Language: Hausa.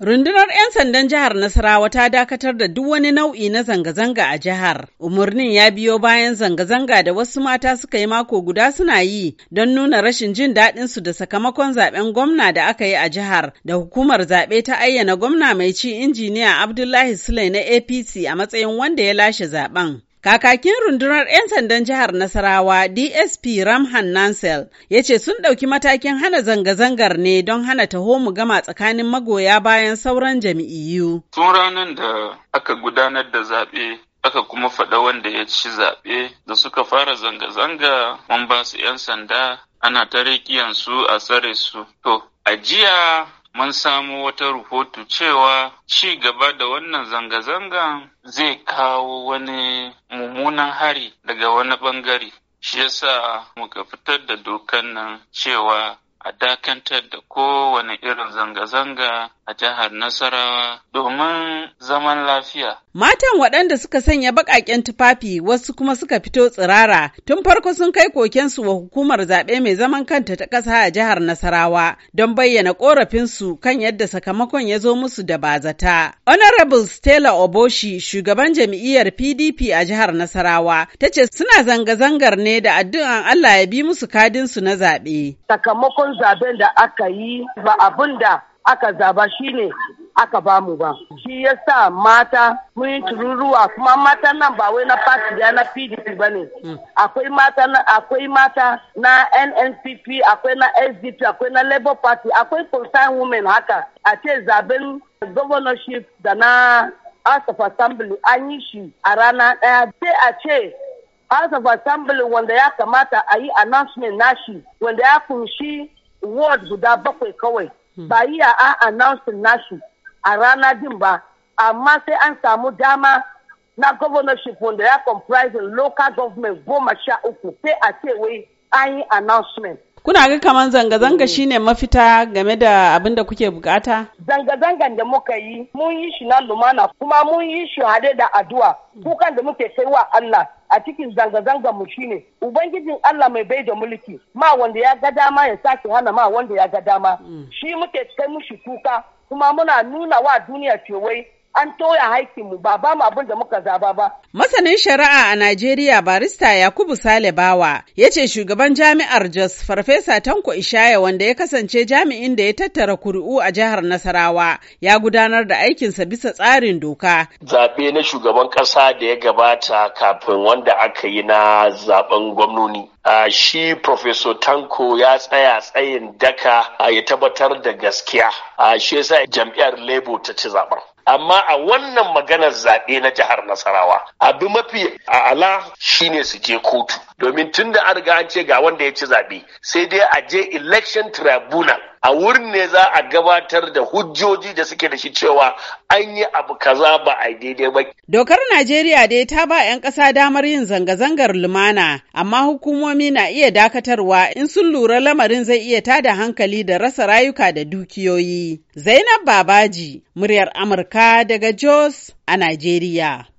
Rundunar 'yan sandan jihar Nasarawa ta dakatar da duk wani nau'i na zanga-zanga a jihar. Umarnin ya biyo bayan zanga-zanga da wasu mata suka yi mako guda suna yi don nuna rashin jin daɗin su da sakamakon zaben gwamna da aka yi a jihar da hukumar zaɓe ta ayyana gwamna mai ci injiniya Abdullahi Sule na APC a matsayin wanda ya lashe zaben. Kakakin rundunar 'yan sandan jihar Nasarawa DSP Ramhan Nansel ya ce sun ɗauki matakin hana zanga-zangar ne don hana taho mu gama tsakanin magoya bayan sauran jami'iyu. Tun ranar da aka gudanar da zaɓe aka kuma faɗa wanda ya ci zaɓe da suka fara zanga-zanga mun ba su 'yan sanda ana ta su a tsare su. To, a jiya mun samu wata rahoto cewa ci gaba da wannan zanga zanga zai kawo wani mummunan hari daga wani bangare. Shi yasa muka fitar da dokan nan cewa a dakantar da kowane irin zanga-zanga a jihar Nasarawa domin zaman lafiya. Matan waɗanda suka sanya baƙaƙen tufafi wasu kuma suka fito tsirara tun farko sun kai kokensu wa hukumar zaɓe mai zaman kanta ta ƙasa a jihar Nasarawa don bayyana ƙorafinsu kan yadda sakamakon ya zo musu da bazata. Honorable Stella Oboshi shugaban jam'iyyar PDP a jihar Nasarawa ta ce suna zanga-zangar ne da addu'an Allah ya bi musu kadinsu na zaɓe. Sakamakon zaɓen da aka yi ba abin da aka zaba shine aka bamu ba shi yasa mata mun tururuwa kuma mata nan ba wai na party ya na PDP ba ne hmm. akwai mata na akwai mata na NNPP akwai na SDP akwai na Labour Party akwai concerned women haka a ce zaben governorship da na House of Assembly an yi shi a rana ɗaya sai a ce House of Assembly wanda ya kamata a yi announcement nashi wanda ya kunshi ward guda bakwai kawai Hmm. ba iya an announcing nasu a rana din ba amma sai an samu dama na governorship wanda ya comprising local government goma sha uku sai a ce any announcement Kuna ga kaman zanga-zanga eh. shine mafita game da abin da kuke bukata? Zanga-zangan da muka yi, mun yi shi na lumana kuma mun yi shi hade da addu'a. Kukan da muke kai wa Allah a cikin zanga-zangan mu shine Ubangijin Allah mai bai da mulki, ma wanda ya ga dama ya sake hana ma wanda ya ga dama. Mm. Shi muke kai mushi kuka kuma muna nuna wa duniya cewai an toya haikinmu ba ba mu abin da muka zaba ba. Masanin shari'a a Najeriya barista Yakubu Sale Bawa ya ce shugaban jami'ar Jos Farfesa Tanko Ishaya wanda ya kasance jami'in da ya tattara kuri'u a jihar Nasarawa ya gudanar da aikinsa bisa tsarin doka. Zaɓe na shugaban ƙasa da ya gabata kafin wanda aka yi na zaɓen gwamnoni. Uh, shi Professor Tanko ya tsaya tsayin daka uh, ya tabbatar da gaskiya. Uh, shi yasa jam'iyyar Labour ta ci zaɓen. amma a wannan maganar zaɓe na jihar Nasarawa abu mafi a'ala shine su je kotu domin tun da an riga an ce ga wanda ya ci zaɓe sai dai a je election tribunal a wurin ne za a gabatar da hujjoji da suke da shi cewa an yi abu kaza ba a daidai ba. Dokar Najeriya dai ta ba 'yan ƙasa damar yin zanga-zangar lumana, amma hukumomi na iya dakatarwa in sun lura lamarin zai iya tada hankali da rasa rayuka da dukiyoyi. Zainab Babaji, muryar Amurka daga Jos a Najeriya.